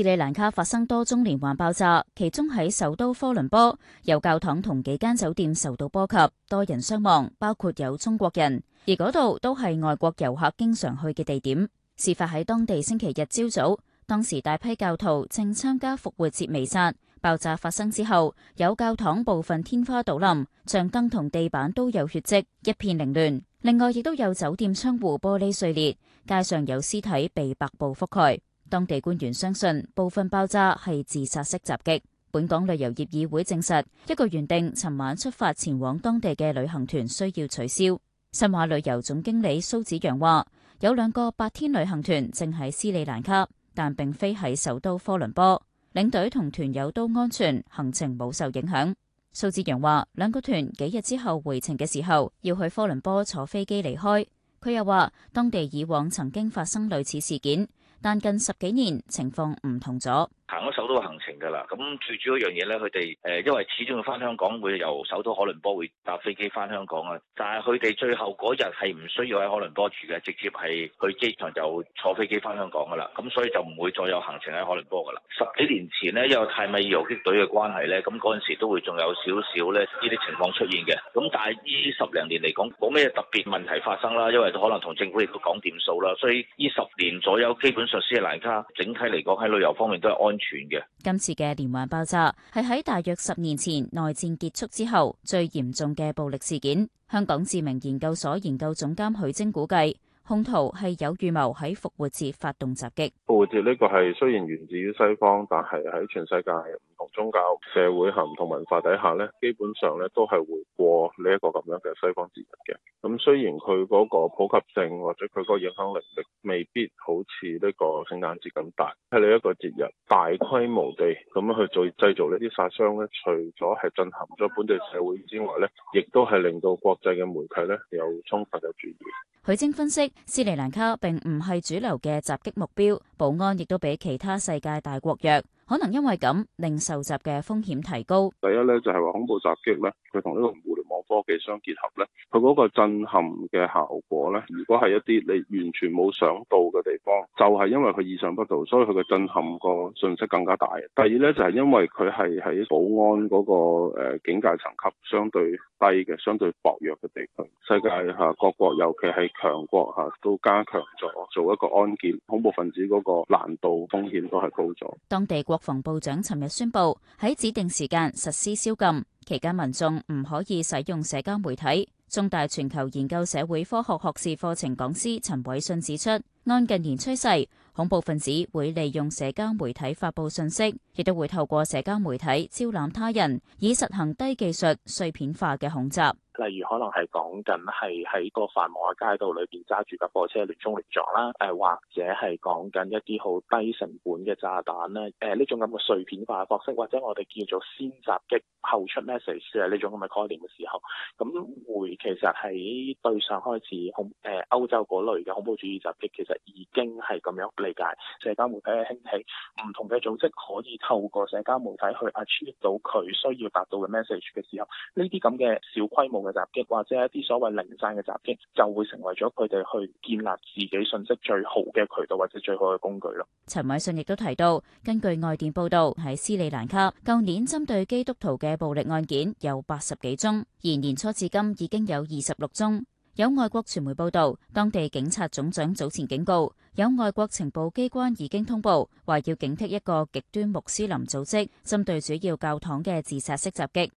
斯里蘭卡發生多宗連環爆炸，其中喺首都科倫坡，有教堂同幾間酒店受到波及，多人傷亡，包括有中國人，而嗰度都係外國遊客經常去嘅地點。事發喺當地星期日朝早，當時大批教徒正參加復活節彌撒。爆炸發生之後，有教堂部分天花倒冧，像燈同地板都有血跡，一片凌亂。另外亦都有酒店窗戶玻璃碎裂，街上有屍體被白布覆蓋。當地官員相信部分爆炸係自殺式襲擊。本港旅遊業議會證實，一個原定尋晚出發前往當地嘅旅行團需要取消。新華旅遊總經理蘇子陽話，有兩個八天旅行團正喺斯里蘭卡，但並非喺首都科倫坡。領隊同團友都安全，行程冇受影響。蘇子陽話，兩個團幾日之後回程嘅時候要去科倫坡坐飛機離開。佢又話，當地以往曾經發生類似事件。但近十幾年情況唔同咗。行咗首都行程㗎啦，咁最主要一樣嘢咧，佢哋誒，因為始終要翻香港，會由首都可倫波會搭飛機翻香港啊。但係佢哋最後嗰日係唔需要喺可倫波住嘅，直接係去機場就坐飛機翻香港㗎啦。咁所以就唔會再有行程喺可倫波㗎啦。十幾年前呢，因為泰米爾游擊隊嘅關係咧，咁嗰陣時都會仲有少少咧呢啲情況出現嘅。咁但係呢十零年嚟講，冇咩特別問題發生啦，因為都可能同政府亦都講掂數啦，所以呢十年左右基本上斯里蘭卡整體嚟講喺旅遊方面都係安。今次嘅連環爆炸係喺大約十年前內戰結束之後最嚴重嘅暴力事件。香港知名研究所研究總監許晶估計，凶徒係有預謀喺復活節發動襲擊。復活節呢個係雖然源自於西方，但係喺全世界係宗教、社會涵同文化底下咧，基本上咧都係會過呢一個咁樣嘅西方節日嘅。咁雖然佢嗰個普及性或者佢嗰個影響力未必好似呢個聖誕節咁大，係呢一個節日大規模地咁樣去做製造呢啲殺傷咧，除咗係震撼咗本地社會之外咧，亦都係令到國際嘅媒體咧有充分嘅注意。許晶分析，斯里蘭卡並唔係主流嘅襲擊目標，保安亦都比其他世界大國弱。可能因為咁，令受襲嘅風險提高。第一咧，就係話恐怖襲擊咧，佢同呢個。科技相結合咧，佢嗰個震撼嘅效果咧，如果係一啲你完全冇想到嘅地方，就係因為佢意想不到，所以佢嘅震撼個信息更加大。第二咧，就係因為佢係喺保安嗰個誒警戒層級相對低嘅，相對薄弱嘅地區，世界嚇各國尤其係強國吓都加強咗做一個安檢，恐怖分子嗰個難度風險都係高咗。當地國防部長尋日宣布喺指定時間實施宵禁。期間民眾唔可以使用社交媒體。中大全球研究社會科學學士課程講師陳偉信指出，按近年趨勢，恐怖分子會利用社交媒體發布信息，亦都會透過社交媒體招攬他人，以實行低技術碎片化嘅恐襲。例如，可能係講緊係喺個繁忙嘅街道裏邊揸住架貨車亂衝亂撞啦，誒、啊、或者係講緊一啲好低成本嘅炸彈啦，誒、啊、呢種咁嘅碎片化嘅方式，或者我哋叫做先襲擊後出 message 呢、啊、種咁嘅概念嘅時候，咁、啊、會其實喺對上開始恐誒歐洲嗰類嘅恐怖主義襲擊，其實已經係咁樣。理社交媒體嘅興起，唔同嘅組織可以透過社交媒體去 Achieve 到佢需要達到嘅 message 嘅時候，呢啲咁嘅小規模嘅襲擊，或者一啲所謂零散嘅襲擊，就會成為咗佢哋去建立自己信息最好嘅渠道，或者最好嘅工具咯。陳偉信亦都提到，根據外電報道，喺斯里蘭卡，舊年針對基督徒嘅暴力案件有八十幾宗，而年初至今已經有二十六宗。有外國傳媒報道，當地警察總長早前警告，有外國情報機關已經通報，話要警惕一個極端穆斯林組織針對主要教堂嘅自殺式襲擊。